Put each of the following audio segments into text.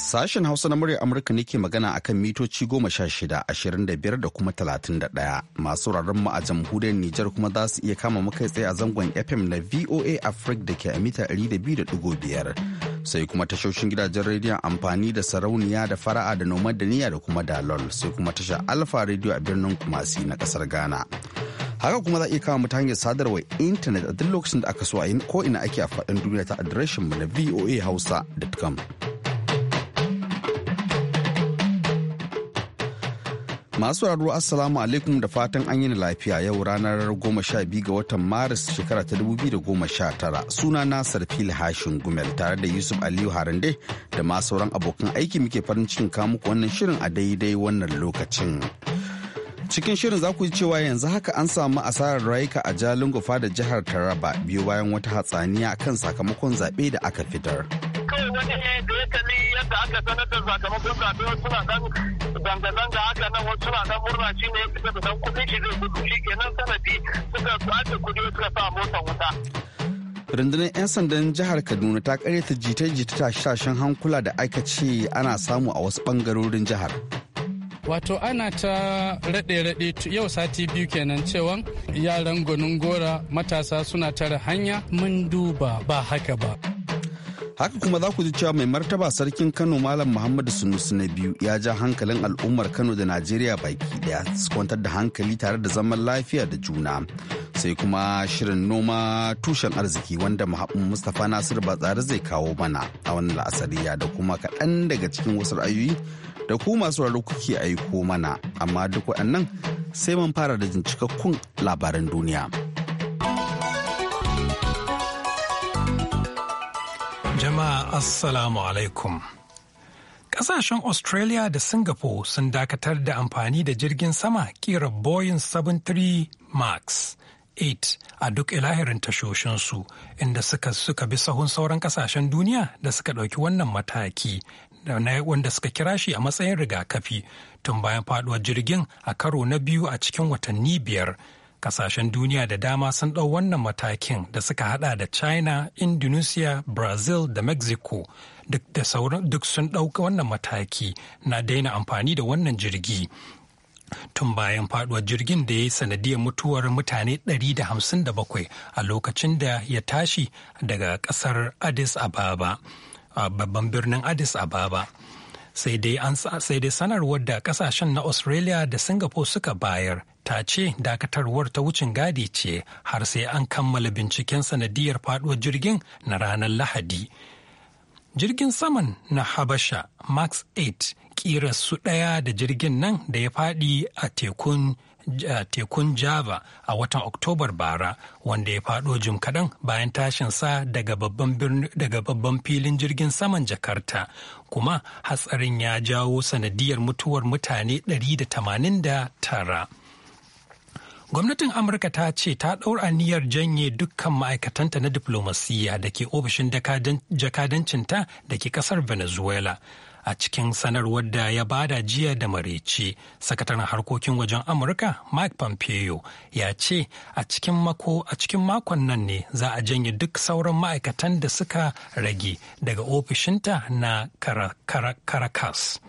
Sashen Hausa na muryar Amurka ne ke magana akan mitoci goma sha shida, ashirin da biyar da kuma talatin da ɗaya. Masu mu a jamhuriyar Nijar kuma za su iya kama muka tsaye a zangon FM na VOA Africa da ke a mita ɗari da biyu da ɗigo biyar. Sai kuma tashoshin gidajen rediyon amfani da sarauniya da fara'a da nomad da niyya da kuma dalol. Sai kuma tasha Alfa rediyo a birnin Kumasi na ƙasar Ghana. haka kuma za a iya kama ta hanyar sadarwar intanet a duk lokacin da aka so a ko ina ake a faɗin duniya ta adireshin mu na voahausa.com Masu raro Assalamu alaikum da fatan an yi lafiya yau ranar goma sha biyu ga watan Maris shekara ta dubu da goma sha tara, suna na Sarfil Hashin Gumel tare da Yusuf Aliyu Harande da ma sauran abokan aiki muke farin cikin muku wannan shirin a daidai wannan lokacin. Cikin shirin za ku ji cewa yanzu haka an samu asarar rayuka a Jalingo da jihar Taraba biyo bayan wata hatsaniya kan sakamakon zaɓe da aka fitar. da aka sanar da sakamakon zaɓe wasu na dan zanga-zanga haka nan wasu suna dan murna shi ne ya fita da dan kuɗin shi zai gudu shi kenan sanadi suka kwace kuɗi suka sa motar wuta. rundunar 'yan sandan jihar kaduna ta karyata jita-jita tashashen hankula da aka ce ana samu a wasu bangarorin jihar wato ana ta raɗe-raɗe yau sati biyu kenan cewa yaran gwanin gora matasa suna tara hanya mun duba ba haka ba haka kuma za ku ji cewa mai martaba sarkin kano malam muhammadu sunusu na biyu ya ja hankalin al'ummar kano da najeriya baki daya su kwantar da hankali tare da zaman lafiya da juna sai kuma shirin noma tushen arziki wanda mustapha nasir tsari zai kawo mana a wannan ya da kuma kaɗan daga cikin wasu ra'ayoyi da ku masu raro kuke aiko mana amma duk waɗannan sai mun fara da labaran duniya. Jama'a Assalamu alaikum. Ƙasashen Australia da Singapore sun dakatar da amfani da jirgin sama kira Boeing 73 Max 8 a duk ilahirin tashoshinsu inda suka suka bi sahun sauran ƙasashen duniya da suka ɗauki wannan mataki wanda suka kira shi a matsayin rigakafi tun bayan faɗuwar jirgin a karo na biyu a cikin watanni biyar Kasashen duniya da dama sun ɗau wannan matakin da suka hada da China, Indonesia, Brazil da Mexico duk sun ɗauka wannan mataki na daina amfani da wannan jirgi. tun bayan faduwar jirgin da ya yi sanadiyar mutuwar mutane 157 a lokacin da ya tashi daga kasar addis ababa a babban birnin addis ababa sai dai sanarwar da kasashen na australia da singapore suka bayar ta ce dakatarwar ta wucin gadi ce har sai an kammala binciken sanadiyar faduwar jirgin na ranar lahadi jirgin saman na habasha max 8 kira su ɗaya da jirgin nan da ya faɗi a tekun tekun java a watan oktobar bara wanda ya faɗo jim kaɗan bayan sa daga babban filin jirgin saman jakarta kuma hatsarin ya jawo sanadiyar mutuwar mutane 189 Gwamnatin Amurka ta ce ta ɗaura aniyar janye dukkan ma'aikatanta na diflomasiyya da ke ofishin jakadancinta da ke ƙasar Venezuela. A cikin sanarwar da ya bada jiya da marece, sakataren harkokin wajen Amurka Mike Pompeo ya ce a cikin mako a cikin makon nan ne za a janye duk sauran ma'aikatan da suka rage daga ofishinta na Caracas.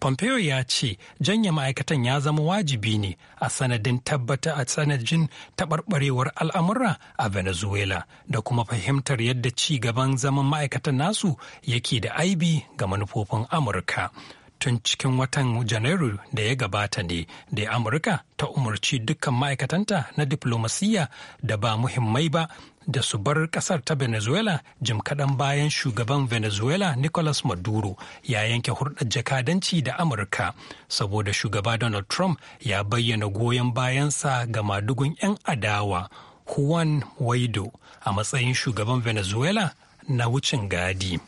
Pompeo ya ce janye ma'aikatan ya zama wajibi ne a sanadin tabbata a sanadin taɓarɓarewar al'amura a Venezuela da kuma fahimtar yadda ci gaban zaman ma'aikatan nasu yake da aibi ga manufofin Amurka. Tun cikin watan Janairu da ya gabata ne da Amurka ta umarci dukkan ma'aikatanta na diflomasiyya da ba muhimmai ba da su bar kasar ta venezuela jim kaɗan bayan shugaban venezuela nicolas maduro ya yanke hurɗar jakadanci da amurka saboda shugaba donald trump ya bayyana goyon bayansa ga madugun 'yan adawa juan guaido a matsayin shugaban venezuela na wucin gadi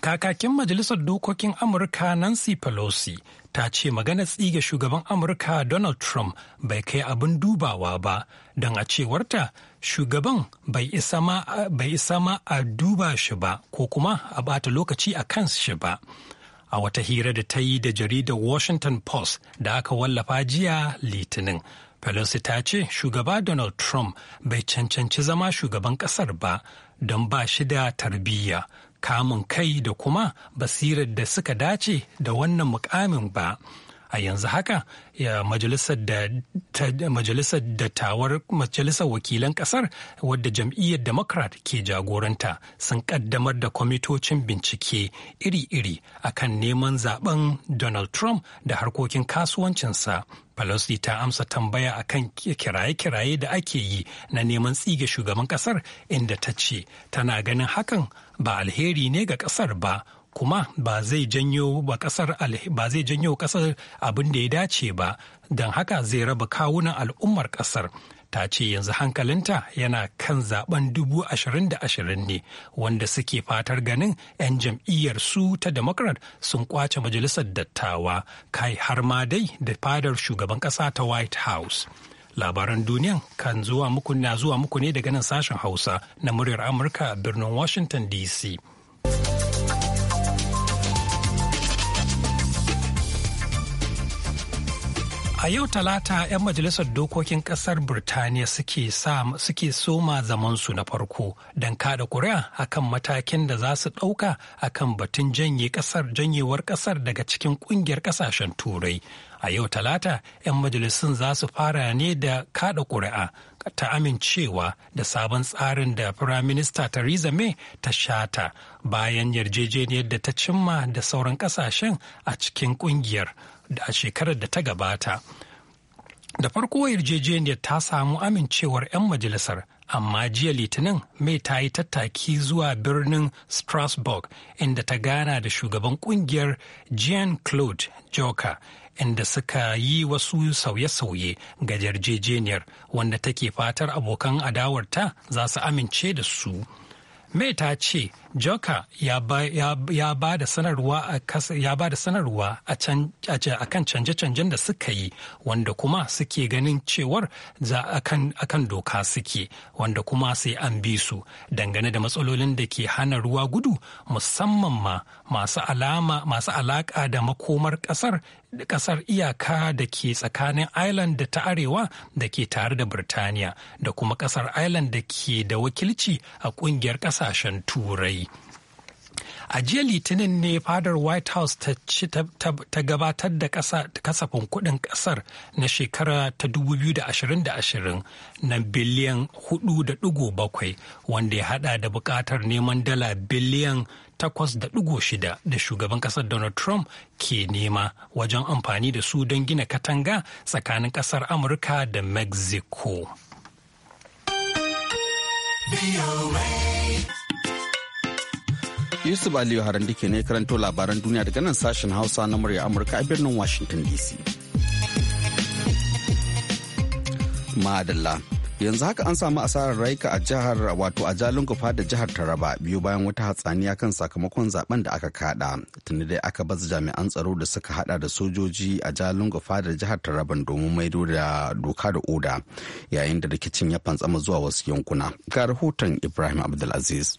kakakin majalisar dokokin amurka nancy pelosi ta ce maganar tsige shugaban amurka donald trump bai kai abin dubawa ba don a cewarta shugaban bai isa ma a duba shi ba ko kuma a bata lokaci a kan shi ba a wata hira da ta yi da jaridar washington post da aka wallafa jiya litinin pelosi ta ce shugaba donald trump bai cancanci zama shugaban kasar ba don ba shi da tarbiyya kamun kai da kuma basirar da suka dace da wannan mukamin ba. a yanzu haka majalisar dattawar majalisar wakilan kasar wadda jam'iyyar democrat ke jagoranta sun kaddamar da kwamitocin bincike iri-iri a kan neman zaben donald trump da harkokin kasuwancinsa Pelosi ta amsa tambaya akan kiraye-kiraye da ake yi na neman tsige shugaban kasar inda ta ce tana ganin hakan ba alheri ne ga kasar ba kuma ba zai janyo ba kasar ba zai janyo kasar abin da ya dace ba don haka zai raba kawunan al'ummar kasar ta ce yanzu hankalinta yana kan zaben dubu ashirin da ashirin ne wanda suke fatar ganin 'yan jam'iyyar su ta democrat sun kwace majalisar dattawa kai har ma dai da fadar shugaban kasa ta white house labaran duniyan kan zuwa muku na zuwa muku ne daga nan sashen hausa na muryar amurka birnin washington dc A yau talata 'yan majalisar dokokin kasar burtaniya suke soma zamansu na farko don kada kuri'a akan matakin da za su ɗauka akan batun janye kasar janyewar kasar daga cikin kungiyar kasashen turai. A yau talata 'yan majalisun za su fara ne da kada kuri'a ta amincewa da sabon tsarin da Firaminista Theresa May ta shata bayan yarjejeniyar da ta cimma da sauran kasashen a cikin kungiyar. a shekarar da ta gabata. Da farko yarjejeniyar ta samu amincewar 'yan majalisar, amma jiya Litinin mai ta yi tattaki zuwa birnin Strasbourg inda ta gana da shugaban kungiyar Jean-Claude joker inda suka yi wasu sauye-sauye ga yarjejeniyar wanda take fatar abokan adawarta za su amince da su. May ta ce Joka ya ba da sanarwa a kan canje-canjen da suka yi wanda kuma suke ganin cewar za a kan doka suke wanda kuma sai an bi su dangane da matsalolin da ke hana ruwa gudu musamman ma masu alaƙa da makomar ƙasar. kasar iyaka da ke tsakanin Ireland da ta Arewa da ke tare da Birtaniya da kuma kasar Ireland da ke da wakilci a kungiyar kasashen Turai. A jiya Litinin ne fadar White House ta, gabatar da kasafin kuɗin ƙasar na shekara ta 2020 na biliyan 4.7 wanda ya hada da buƙatar neman dala biliyan takwas da shida da shugaban ƙasar Donald Trump ke nema wajen amfani da su don gina katanga tsakanin ƙasar Amurka da Mexico. Yusuf Aliyu Harandike ne karanto labaran duniya daga nan sashen Hausa na murya Amurka a birnin Washington DC. Madalla. yanzu haka an samu asarar rayuka a jihar wato a jalingofa da jihar taraba biyu bayan wata hatsaniya kan sakamakon zaben da aka kada tuni dai aka baza jami'an tsaro da suka hada da sojoji a jalingofa da jihar taraban domin maido da doka da oda yayin da rikicin ya fantsama zuwa wasu yankuna ga rahoton ibrahim abdulaziz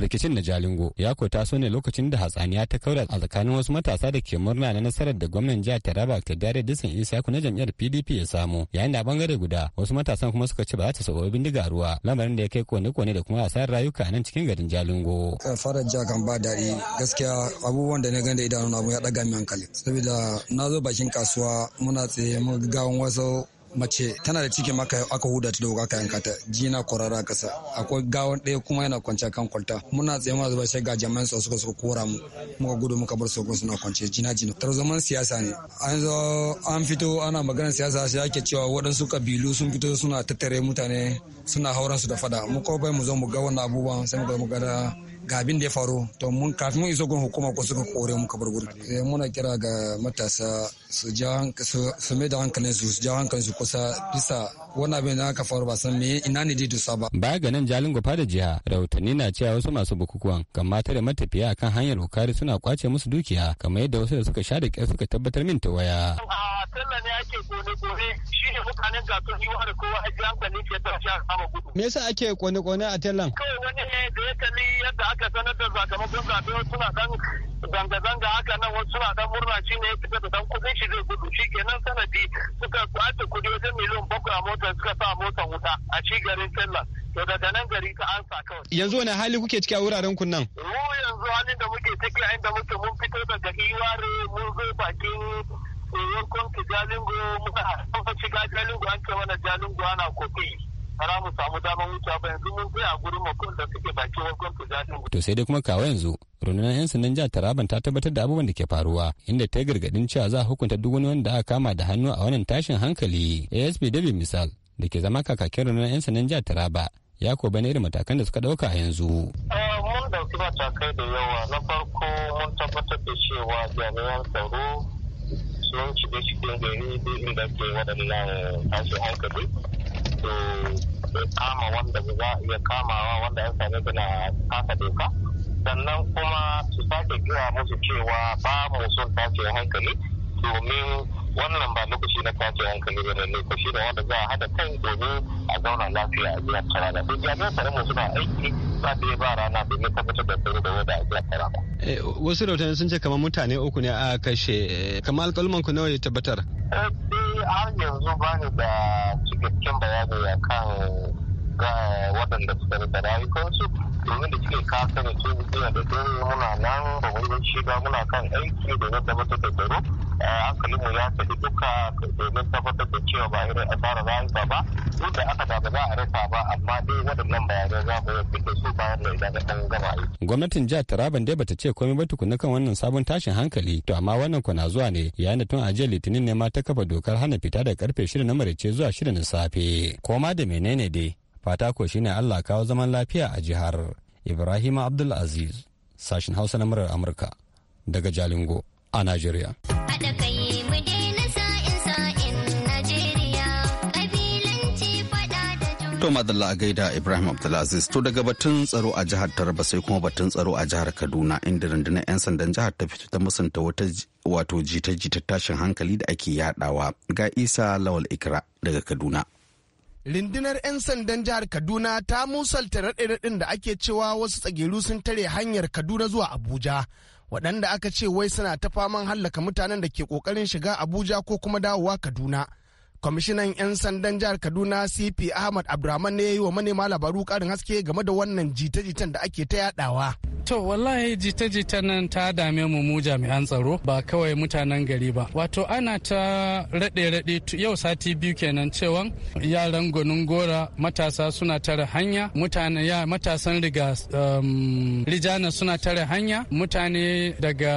rikicin na jalingo ya ko taso ne lokacin da hatsaniya ta kaura a tsakanin wasu matasa da ke murna na nasarar da gwamnan jihar taraba kadare disan isaku na jam'iyyar pdp ya samu yayin da a bangare guda wasu matasan kuma suka ci ba za ta sabo bindiga ruwa lamarin da ya kai kone-kone da kuma asarar rayuka nan cikin garin jalingo. Eh, fara jiya kan ba daɗi gaskiya abubuwan da na gani da idanun abu ya ɗaga min hankali saboda na zo bakin kasuwa muna tsaye mu ga wasu mace tana da cikin maka aka huda ta da kayan yanka ta jina kwarara kasa akwai gawan ɗaya kuma yana kwance kan kwalta muna tsaye muna zuba shai ga jami'an tsaro suka suka kora mu muka gudu muka bar sogon suna kwance jina jina tar zaman siyasa ne an zo an fito ana maganar siyasa sai ake cewa waɗansu kabilu sun fito suna tattare mutane suna hauran su da fada mu kawai mu zo mu ga wannan abubuwan sai mu ga ga abin da ya faru to mun kafin mun iso gun hukuma ko suka kore mu kabar sai eh, muna kira ga matasa su ja su mai da hankalin su ja hankalin su kusa bisa wani abin da aka faru ba san me ina ne dusa ba baya ga nan jalin gofa da jiha rahotanni na cewa wasu masu bukukuwan kan mata da matafiya kan hanyar hukari suna kwace musu dukiya kamar yadda wasu da suka sha da kyar suka tabbatar min ta waya. ake kone-kone shi ne mutanen sun yi wa kowa a ji hankalin ke ta sha kama gudu. Me yasa ake kone-kone a tallan? Kawai wani ne da ya kalli yadda aka sanar da sakamakon zaɓe suna dan zanga-zanga haka nan wasu suna dan murna shi ne ya fita da dan kudin shi zai gudu shi kenan sanadi suka kwace kudi wajen miliyan bakwai a mota suka sa motar wuta a ci garin tallan. To daga nan gari ta ansa kawai. Yanzu wani hali kuke ciki a wuraren kunnan nan? Mu yanzu halin da muke ciki a inda muke mun fito daga iware mun zo bakin yankon jalingo muka shiga jalingo an ce mana jalingo ana kofi bara mu samu damar wuta ba yanzu mun tsaya gurin makon da suke baki yankon jalingo. To sai dai kuma kawo yanzu rundunar 'yan sandan jihar Taraban ta tabbatar da abubuwan da ke faruwa inda ta gargadin cewa za a hukunta duk wani wanda aka kama da hannu a wannan tashin hankali ASP David misal da ke zama kakakin rundunar 'yan sandan jihar Taraba ya ko bane irin matakan da suka dauka yanzu. Eh, mun dauki matakai da yawa na farko mun tabbatar da cewa jami'an tsaro sun shiga cikin gari ko inda ke waɗannan tashin hankali to kama wanda za iya kamawa wanda an sami suna kasa doka sannan kuma su sake gina musu cewa ba mu sun tashin hankali domin wannan ba lokaci na kwace hankali ba ne lokaci da wanda za a haɗa kai domin a zauna lafiya a jihar taraba to jami'an tsaron suna aiki ba da ba rana domin tabbatar da tsaro da wanda a jihar taraba. Eh, wasu rahotanni sun ce kamar mutane uku ne a kashe eh, kamar alƙalman ku nawa ya tabbatar. Eh, har yanzu ba ni da cikakken bayani akan ga waɗanda suka rasa rayukansu domin da suke kasa da ke jiya da dare muna nan ba wai shiga muna kan aiki domin tabbatar da tsaro eh, hankalinmu ya tafi duka domin tabbatar da cewa ba irin asara rayuka ba duk da aka da ba za a rasa ba amma dai waɗannan bayanai za mu yi da su bayan da idan an gama yi. gwamnatin jihar taraban dai bata ce komai ba tukuna kan wannan sabon tashin hankali to amma wannan kwana zuwa ne yayin da tun ajiyar litinin ne ma ta kafa dokar hana fita da karfe shirin na maraice zuwa shirin na safe ko ma da menene dai fata ko ne Allah kawo zaman lafiya a jihar Ibrahim Abdul Aziz sashin Hausa na murar Amurka daga Jalingo a Najeriya. To madalla a gaida Ibrahim Abdulaziz to daga batun tsaro a jihar Taraba sai kuma batun tsaro a jihar Kaduna inda rundunar 'yan sandan jihar ta fito ta musanta wata wato jita-jita tashin hankali da ake yadawa ga Isa Lawal Ikra daga Kaduna. Rindinar 'yan sandan jihar Kaduna ta musalta raɗe-raɗin da ake cewa wasu tsagiru sun tare hanyar Kaduna zuwa Abuja. Waɗanda aka ce wai suna ta faman hallaka mutanen da ke ƙoƙarin shiga Abuja ko kuma dawowa Kaduna. Kwamishinan 'yan sandan jihar Kaduna CP Ahmad abdulrahman ne ya yi wa manema labaru ƙarin haske game da wannan jita-jitan da ake ta yaɗawa. To wallahi jita-jita nan ta dame mu mu jami'an tsaro ba kawai mutanen gari ba. Wato ana ta raɗe-raɗe yau sati biyu kenan cewa yaran gonin gora matasa suna tare hanya mutane ya matasan riga um, rijana suna tare hanya mutane daga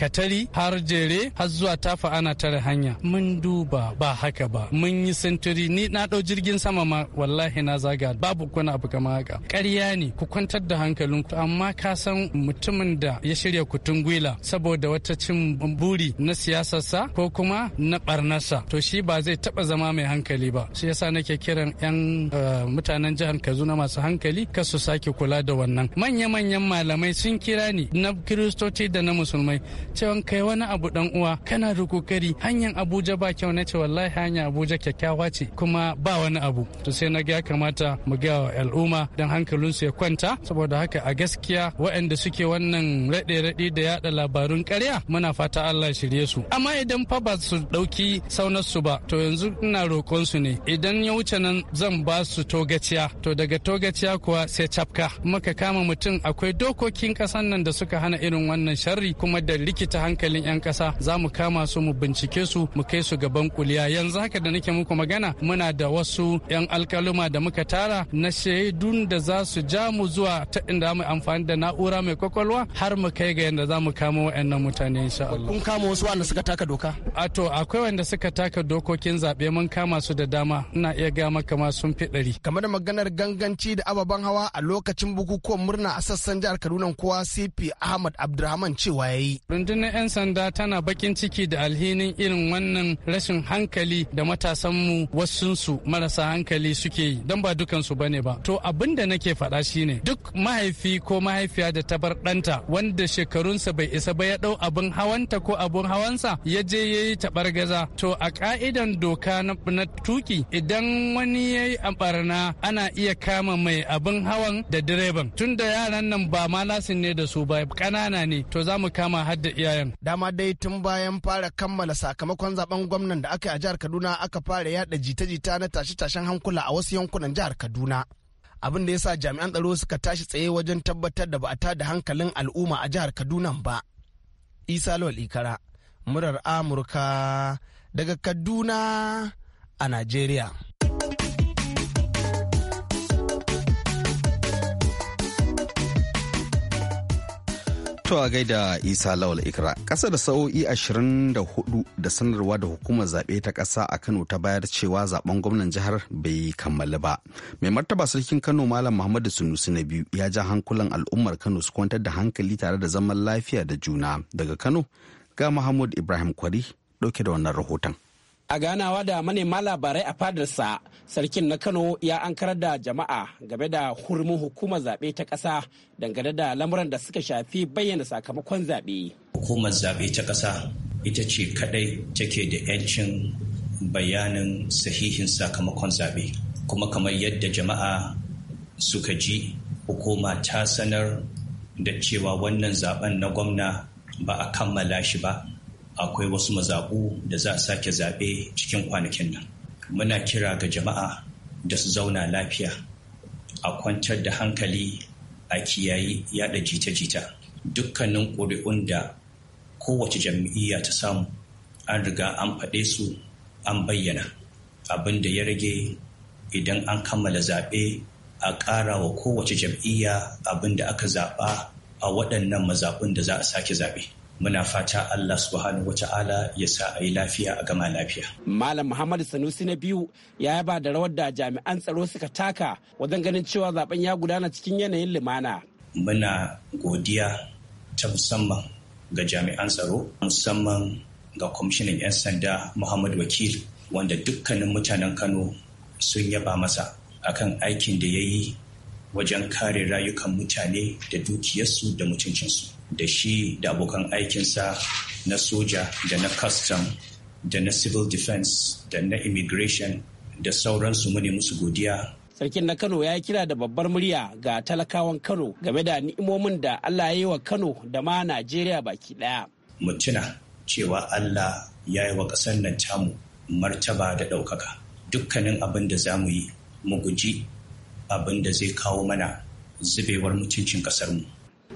katari har jere har zuwa tafa ana tare hanya. Mun duba ba haka ba mun yi sintiri ni na ɗau jirgin sama ma wallahi na zaga babu kuna abu kama haka. Ƙarya ne ku kwantar da hankalinku amma ka san mutumin da ya shirya kutun gwila saboda wata cin buri na siyasarsa ko kuma na barnarsa to shi ba zai taba zama mai hankali ba shi yasa nake kiran yan eh, mutanen jihar kaduna masu hankali ka su sake kula da wannan manya-manyan malamai sun kira ni na kiristoci da na musulmai cewa kai wani abu dan uwa kana da kokari hanyar abuja ba kyau na ce wallahi hanya abuja kyakkyawa ce kuma ba wani abu to sai na ga kamata mu ga al'umma dan hankalinsu ya kwanta saboda haka a gaskiya waɗanda suke wannan raɗe-raɗe da yaɗa labarun ƙarya muna fata Allah shirye su amma idan fa ba su ɗauki saunar su ba to yanzu ina roƙon su ne idan ya wuce nan zan ba su togaciya to daga togaciya kuwa sai cafka maka kama mutum akwai dokokin ƙasan nan da suka hana irin wannan sharri kuma da likita hankalin 'yan ƙasa za mu kama su mu bincike su mu kai su gaban kuliya yanzu haka da nake muku magana muna da wasu 'yan alkaluma da muka tara na shaidun da za su ja mu zuwa ta inda mu amfani da na. na'ura mai kwakwalwa har mu kai ga yadda za mu kamo wa'annan mutane insha Allah. Kun kama wasu wanda suka taka doka? A akwai wanda suka taka dokokin zaɓe mun kama su da dama ina iya ga maka ma sun fi ɗari. Kamar da maganar ganganci da ababen hawa a lokacin bukukuwan murna a sassan jihar Kaduna kowa CP Ahmad Abdulrahman cewa ya yi. Rundunar 'yan sanda tana bakin ciki da alhinin irin wannan rashin hankali da matasanmu wasunsu marasa hankali suke yi don ba dukansu bane ba. To abin da nake faɗa shine duk mahaifi ko mahaifiya mahaifiya da ta bar ɗanta wanda shekarunsa bai isa ba ya ɗau abin hawanta ko abin hawansa ya je ya yi gaza to a ka'idan doka na tuki idan wani ya yi barna ana iya kama mai abin hawan da direban tunda yaran nan ba ma lasin ne da su ba ƙanana ne to za mu kama har da iyayen dama dai tun bayan fara kammala sakamakon zaben gwamnan da aka yi a jihar kaduna aka fara yada jita-jita na tashe-tashen hankula a wasu yankunan jihar kaduna abin da ya sa jami'an tsaro suka tashi tsaye wajen tabbatar da ba a tada hankalin al'umma a jihar kaduna ba isa lawal ikara murar amurka daga kaduna a najeriya To a gaida Isa Lawal Ikra, ƙasa da sa'o'i 24 da sanarwa da hukumar zaɓe ta ƙasa a Kano ta bayar cewa zaben gwamnan jihar bai kammala ba. Mai martaba sarkin Kano Malam Muhammadu Sunusi na biyu ya ja hankulan al'ummar Kano su kwantar da hankali tare da zaman lafiya da juna. Daga Kano ga Muhammad Ibrahim Kwari ɗauke da wannan rahoton. A ganawa da manema labarai a fadarsa, sarkin na Kano ya ankarar da jama'a game da hurumin hukumar zaɓe ta ƙasa dangane da lamuran da suka shafi bayyana sakamakon zaɓe. Hukumar zaɓe ta ƙasa ita ce kaɗai take da 'yancin bayanin sahihin sakamakon zaɓe. Kuma kamar yadda jama'a suka ji, hukuma ta sanar da cewa wannan zaɓen na gwamna ba a kammala shi ba. akwai wasu mazaɓu da za a sake zaɓe cikin kwanakin nan muna kira ga jama'a da su zauna lafiya a kwantar da hankali a kiyayi yada jita-jita dukkanin ƙuri'un da kowace jam'iyya ta samu an riga an faɗe su an bayyana abin da ya rage idan an kammala zaɓe a ƙara wa kowace jam'iyya abin da aka zaɓa a waɗannan mazaɓun da za a sake zaɓe. muna fata Allah subhanahu wata'ala ya sa a yi lafiya a gama lafiya. Malam Muhammad Sanusi na biyu ya yaba da rawar da jami'an tsaro suka taka wajen ganin cewa zaben ya gudana cikin yanayin lumana. Muna godiya ta musamman ga jami'an tsaro musamman ga kwamishinan 'yan sanda Muhammad Wakil wanda dukkanin mutanen Kano sun yaba masa akan aikin da ya yi wajen kare rayukan mutane da dukiyarsu da mutuncinsu. da shi da abokan aikinsa na soja da na custom da na civil defense da na immigration da sauransu mu ne musu godiya sarkin na kano ya yi kira da babbar murya ga talakawan kano game da ni'imomin da allah ya yi wa kano da ma najeriya baki daya mutuna cewa allah ya yi wa ƙasar nan tamu martaba da ɗaukaka dukkanin abin da za mu yi mu guji abin da zai kawo mana zubewar mutuncin ƙasarmu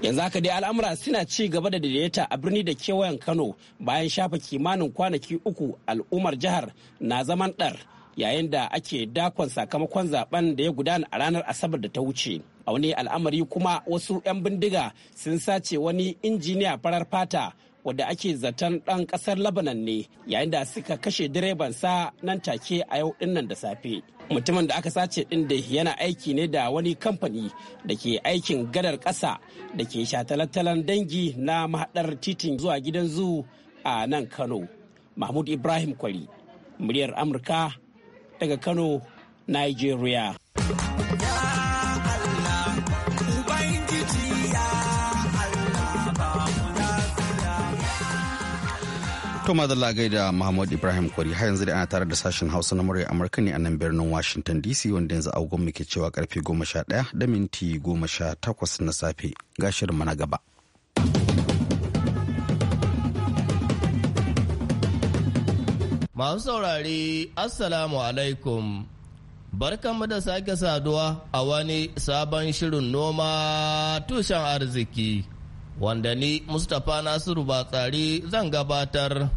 yanzu haka dai al'amura suna ci gaba da daidaita a birni da kewayen kano bayan shafa kimanin kwanaki uku al'ummar jihar na zaman ɗar yayin da ake dakon sakamakon zaben da ya gudana a ranar asabar da ta wuce a wani al'amari kuma wasu 'yan bindiga sun sace wani injiniya farar fata wadda ake zaton ɗan ƙasar Lebanon ne yayin da suka kashe direbansa nan take a yau dinnan da safe. Mutumin da aka sace ɗin da yana aiki ne da wani kamfani da ke aikin gadar ƙasa da ke shatalantalan dangi na mahaɗar titin zuwa gidan zu a nan Kano. Mahmud Ibrahim Kwari, muryar Amurka daga Kano, Nigeria. To madalla gaida Muhammad Ibrahim kori har yanzu da ana tare da sashen Hausa na murya Amurka ne a nan birnin Washington DC wanda yanzu agogon ke cewa karfe 11 da minti 18 na safe ga na gaba. Masu saurare Assalamu alaikum. Barkanmu da sake saduwa a wani sabon shirin noma tushen arziki. wanda ni Mustapha Nasiru ba Batsari zan gabatar.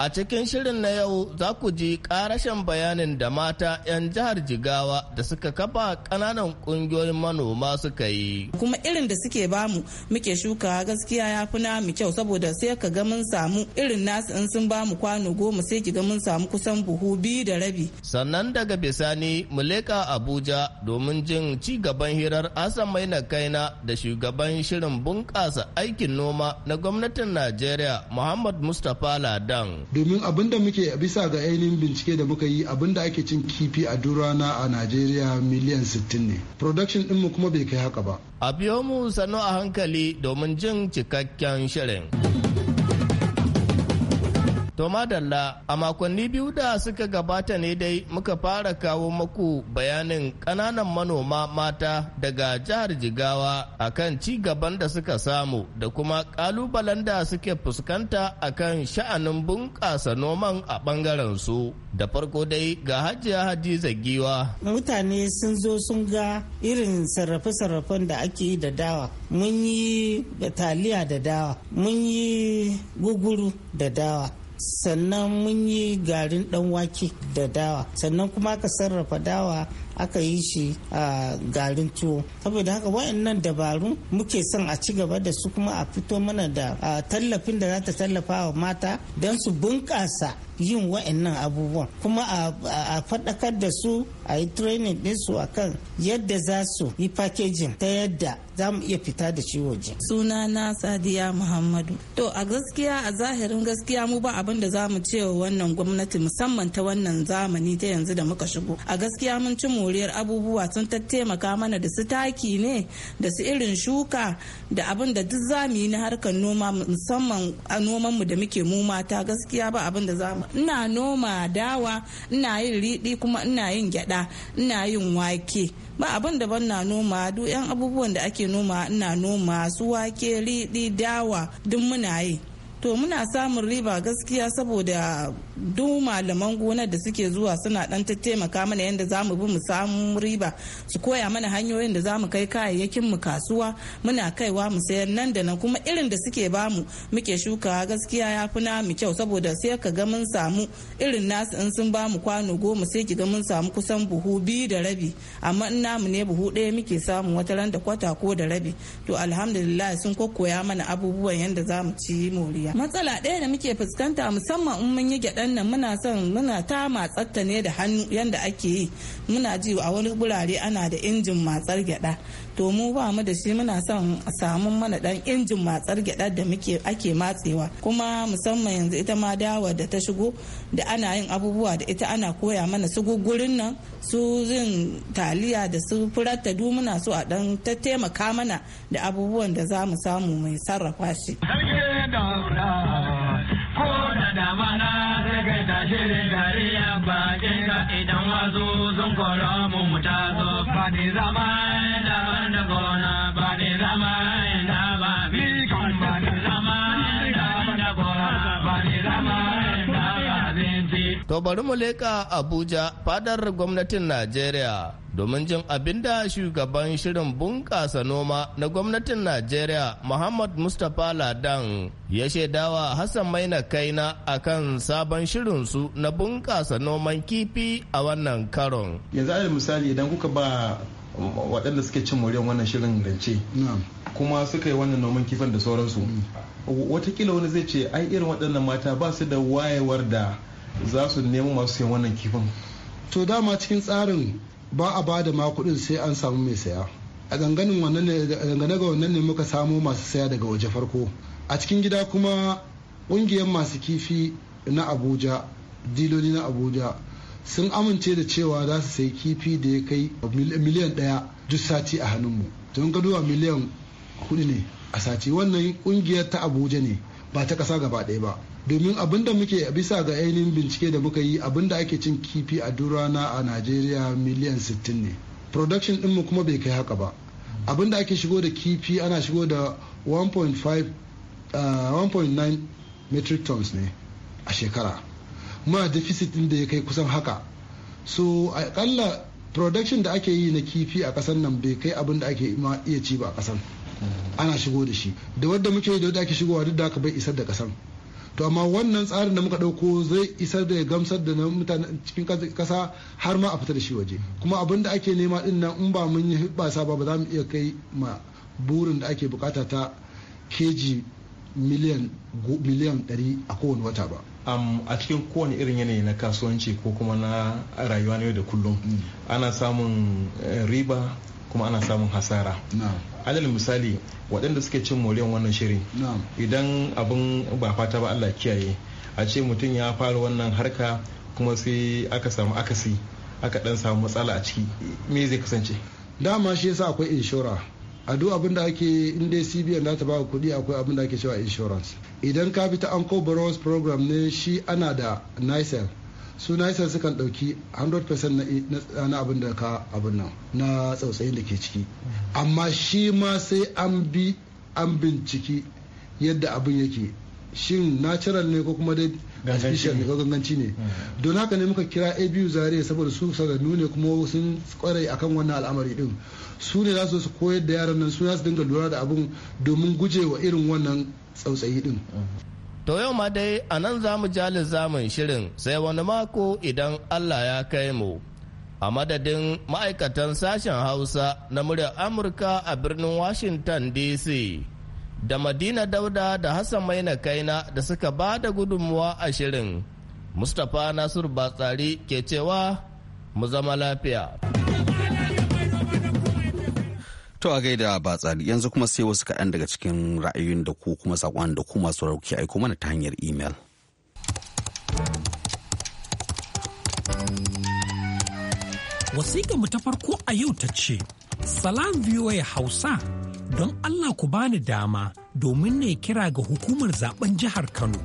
A cikin shirin na yau za ku ji ƙarashin bayanin da mata 'yan jihar Jigawa da suka kafa ƙananan ƙungiyoyin manoma suka yi. Kuma irin da suke bamu muke shuka gaskiya ya fi namu kyau saboda sai ka ga mun samu irin nasu in sun bamu kwano goma sai ki ga mun samu kusan buhu biyu da rabi. Sannan daga bisani mu leƙa Abuja domin jin ci gaban hirar Asan Maina Kaina da shugaban shirin bunƙasa aikin noma na gwamnatin Najeriya Muhammad Mustapha Ladan. domin abinda muke bisa ga ainihin bincike da muka yi abinda ake cin kifi a durana a najeriya miliyan 60 ne production mu kuma bai kai haka ba a biyo mu sannu a hankali domin jin cikakken shirin. To madalla a makonni biyu da suka gabata ne dai muka fara kawo maku bayanin ƙananan manoma mata daga jihar Jigawa akan ci gaban da suka samu da kuma ƙalubalen da suke fuskanta akan sha'anin bunƙasa noman a ɓangaren su. Da farko dai ga Hajiya Hadiza Giwa. Mutane sun zo sun ga irin sarrafe-sarrafen da ake yi da dawa. Mun yi taliya da dawa, mun yi guguru da dawa. sannan mun yi garin dan wake da dawa sannan kuma aka sarrafa dawa aka yi shi a garin tuwo saboda haka wayannan dabaru muke son a ci gaba da su kuma a fito mana da tallafin da za ta tallafa wa mata don su bunƙasa yin wa'annan abubuwan kuma a faɗakar da su a yi training ɗinsu a kan yadda za su yi packaging ta yadda za mu iya fita da ciwo waje. suna na sadiya muhammadu to a gaskiya a zahirin gaskiya mu ba abin da za mu ce wa wannan gwamnati musamman ta wannan zamani ta yanzu da muka shigo a gaskiya mun ci moriyar abubuwa sun taimaka mana da su taki ne da su irin shuka da abin da duk za mu yi na harkar noma musamman a noman mu da muke mu mata gaskiya ba abin da za mu ina noma dawa ina yin riɗi kuma ina yin gyaɗa ina yin wake ba abin da ban na noma duk yan abubuwan da ake noma ina noma su wake riɗi dawa duk muna yi to muna samun riba gaskiya saboda duk malaman gonar da suke zuwa suna dan taimaka mana yadda za mu bi mu samu riba su koya mana hanyoyin da za mu kai kayayyakin mu kasuwa muna kaiwa mu sayar nan da nan kuma irin da suke bamu muke shuka gaskiya ya fi mu kyau saboda sai ka ga mun samu irin nasu in sun ba mu kwano goma sai ki ga mun samu kusan buhu biyu da rabi amma in namu ne buhu ɗaya muke samu wata ran da kwata ko da rabi to alhamdulillah sun kokkoya mana abubuwan yadda za mu ci moriya Matsala ɗaya da muke fuskanta musamman in mun yi gyaɗan nan muna son muna ta matsatta ne da hannu yanda ake yi muna ji a wani gurare ana da injin matsar gyaɗa to mu ba mu da shi muna son a samu mana dan injin matsar gyada da muke ake matsewa kuma musamman yanzu ita ma dawa da ta shigo da ana yin abubuwa da ita ana koya mana su gugurin nan su zin taliya da su furar ta muna so a dan ta taimaka mana da abubuwan da za mu samu mai sarrafa shi. idan wazo mu fadi zaman To bari mu leƙa Abuja fadar gwamnatin Najeriya domin jin abin da shugaban shirin bunƙasa noma na gwamnatin Najeriya Muhammad Mustapha Ladan ya shaidawa Hassan Maina Kaina akan sabon shirinsu na bunƙasa noman kifi a wannan karon. Yanzu alal misali idan kuka ba waɗanda suke cin moriyar wannan shirin rance kuma suka yi wannan noman kifin da sauransu mm. watakila wani zai ce ai irin waɗannan mata ba su da wayewar da za su nemo masu siyan wannan kifin to dama cikin tsarin ba a ba da makudin sai an samu mai saya a dangane ga wannan ne muka samo masu saya daga waje farko a cikin gida kuma ƙungiyar masu kifi na abuja diloli na abuja sun amince da cewa za su sayi kifi da ya kai miliyan ɗaya duk sati a hannunmu don gaduwa miliyan hudu ne a sati wannan ƙungiyar ta abuja ne ba ta ƙasa gaba ɗaya ba domin abin da muke bisa ga ainihin bincike da muka yi abin da ake cin kifi a durana a najeriya miliyan 60 ne production dinmu kuma bai kai haka ba abin da ake shigo da kifi ana shigo da 1.9 ah, metric tons ne a shekara ma deficit din da ya kai kusan haka so akalla production da ake yi na kifi a kasan nan bai kai abin da ake iya ci ba a kasan ana shigo da shi da wadda muke da wadda ake shigowa duk da haka bai isar da kasan to amma wannan tsarin da muka ɗauko zai isar da gamsar da mutane cikin kasa har ma a fita da shi waje kuma abin da ake nema din nan in ba mun yi hibbasa ba ba za mu iya kai ma burin da ake bukata ta keji miliyan miliyan 100 a kowane wata ba um, a cikin kowane irin yanayi na kasuwanci ko kuma na rayuwa na yau da kullum mm. ana samun eh, riba kuma ana samun hasara alal misali waɗanda suke cin moriyan wannan shirin idan abin ba fata ba allah kiyaye a ce mutum ya fara wannan harka kuma sai aka samu akasi aka dan samu matsala a ciki me zai kasance dama shi yasa akwai inshora a duk abin da ake in dai cbn za ta ba kuɗi akwai abin da ake cewa insurance idan ka fita an ko program ne shi ana da nisel su nisa sukan ɗauki 100% na abin da ka abin nan na tsautsayin da ke ciki amma shi ma sai an bi an binciki yadda abin yake shin natural ne ko kuma dai artificial ne ko ganganci ne hmm. don haka ne muka kira A abu Zariya saboda su sanannu ne kuma sun kwarai akan wannan al'amari din su ne za su koyar da yaran nan su za su dinga lura da abin domin wa irin wannan tsautsayi din hmm. To yau ma dai a nan za mu jalin zamun shirin sai wani mako idan Allah ya kai mu. A madadin ma'aikatan sashen Hausa na muryar Amurka a birnin Washington DC da Madina Dauda da Hassan Maina Kaina da suka ba da gudunmuwa a shirin. Mustapha Nasiru Batsari ke cewa mu zama lafiya. To a gaida ba tsari yanzu kuma sai wasu kaɗan daga cikin ra'ayoyin da ku kuma saƙon da ku masu rauki aiko mana ta hanyar imel. mu ta farko a yau ta ce, Salam VOA Hausa, don Allah ku bani dama domin ne kira ga hukumar zaben jihar Kano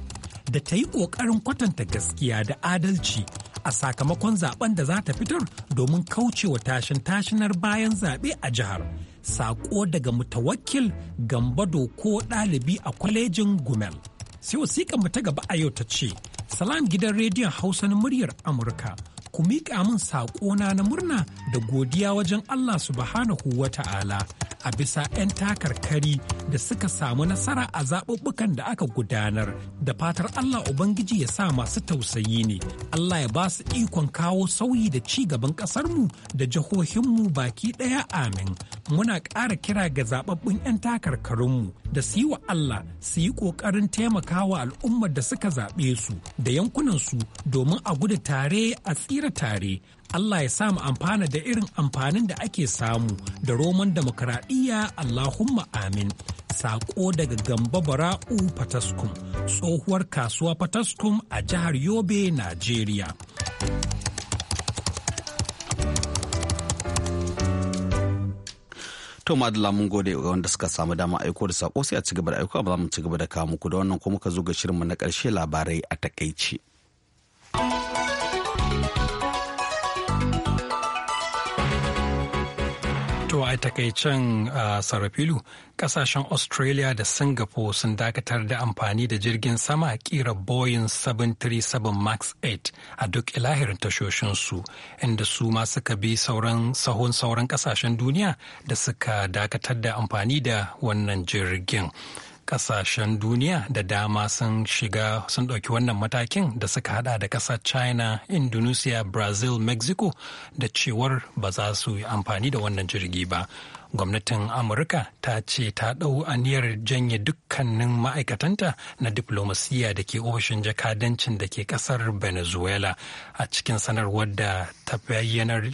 da ta yi ƙoƙarin kwatanta gaskiya da adalci a sakamakon zaben da za ta fitar domin kaucewa tashin tashinar bayan zaɓe a jihar. saƙo daga mutawakkil gamba ko ɗalibi a kwalejin gumel sai wasiƙa mu ta gaba a yau ta ce salam gidan rediyon hausa na muryar amurka ku miƙa min saƙona na murna da godiya wajen Allah subhanahu wa ta'ala a bisa 'yan takarkari da suka samu nasara a zaɓuɓɓukan da aka gudanar da fatar Allah Ubangiji ya sa masu tausayi ne. Allah ya ba su ikon kawo sauyi da ci gaban ƙasarmu da jihohinmu baki ɗaya amin. Muna ƙara kira ga zaɓaɓɓun 'yan takarkarinmu da su yi wa Allah su yi ƙoƙarin taimakawa al'ummar da suka zaɓe su da yankunan su domin a gudu tare a tsira hira tare Allah ya samu amfana da irin amfanin da ake samu da roman demokradiyya Allahumma amin. Sako daga Gamba Bara'u Fataskum, tsohuwar kasuwa Fataskum a jihar Yobe, Najeriya. To madalla mun gode wanda suka samu dama aiko da sako sai a ci gaba da aiko ba mu ci gaba da kawo muku da wannan kuma ka zo ga shirinmu na karshe labarai a takaici. a takaicen ah, sarafilu kasashen australia da singapore sun dakatar da amfani da jirgin sama kira boeing 737 max 8 a duk ilahirin tashoshinsu inda su ma suka bi sauran sahun sauran kasashen duniya da suka dakatar da amfani da wannan jirgin kasashen duniya da dama sun shiga sun ɗauki wannan matakin da suka hada da ƙasar china indonesia brazil mexico da cewar ba za su yi amfani da wannan jirgi ba gwamnatin amurka ta ce ta ɗau aniyar janye dukkanin ma'aikatanta na diplomasiya da ke ofishin jakadancin da ke ƙasar venezuela a cikin sanarwar da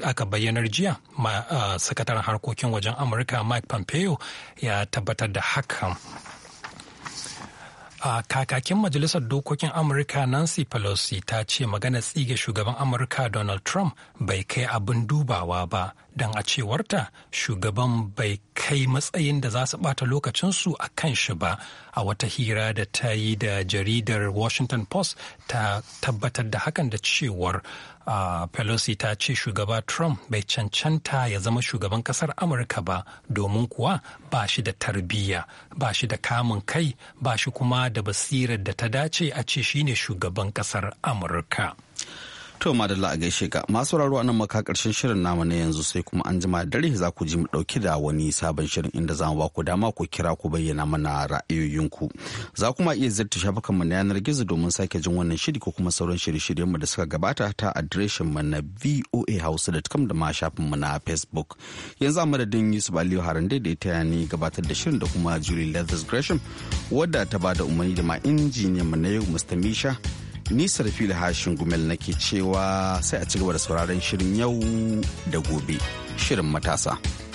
aka bayyanar jiya sakataren harkokin wajen amurka mike pompeo ya tabbatar da hakan a kakakin majalisar dokokin amurka nancy pelosi ta ce magana tsige shugaban amurka donald trump bai kai abin dubawa ba don a cewarta shugaban bai kai matsayin da za su bata lokacinsu a kan shi ba a wata hira da ta yi da jaridar washington post ta tabbatar da hakan da cewar uh, pelosi ta ce shugaba trump bai cancanta ya zama shugaban kasar amurka ba domin kuwa ba shi da tarbiyya ba shi da kamun kai ba shi kuma da basirar da ta dace a ce shine shugaban kasar amurka. To madalla a gaishe ka masu sauraro nan maka karshen shirin namu na yanzu sai kuma an jima dare za ku ji mu dauki da wani sabon shirin inda za mu ba ku dama ku kira ku bayyana mana ra'ayoyinku. Za kuma iya ziyarta shafukan mu na yanar gizo domin sake jin wannan shiri ko kuma sauran shirye-shiryen mu da suka gabata ta adireshin mu na hausa da ma shafin mu na Facebook. Yanzu a madadin Yusuf Aliyu Harande da ya taya ni gabatar da shirin da kuma Julie Leathers Gresham wadda ta ba da umarni da ma injiniyan mu na yau Mr. Misha. sarfi sarfili hashin gumel nake cewa sai a ci gaba da sauraron shirin yau da gobe shirin matasa.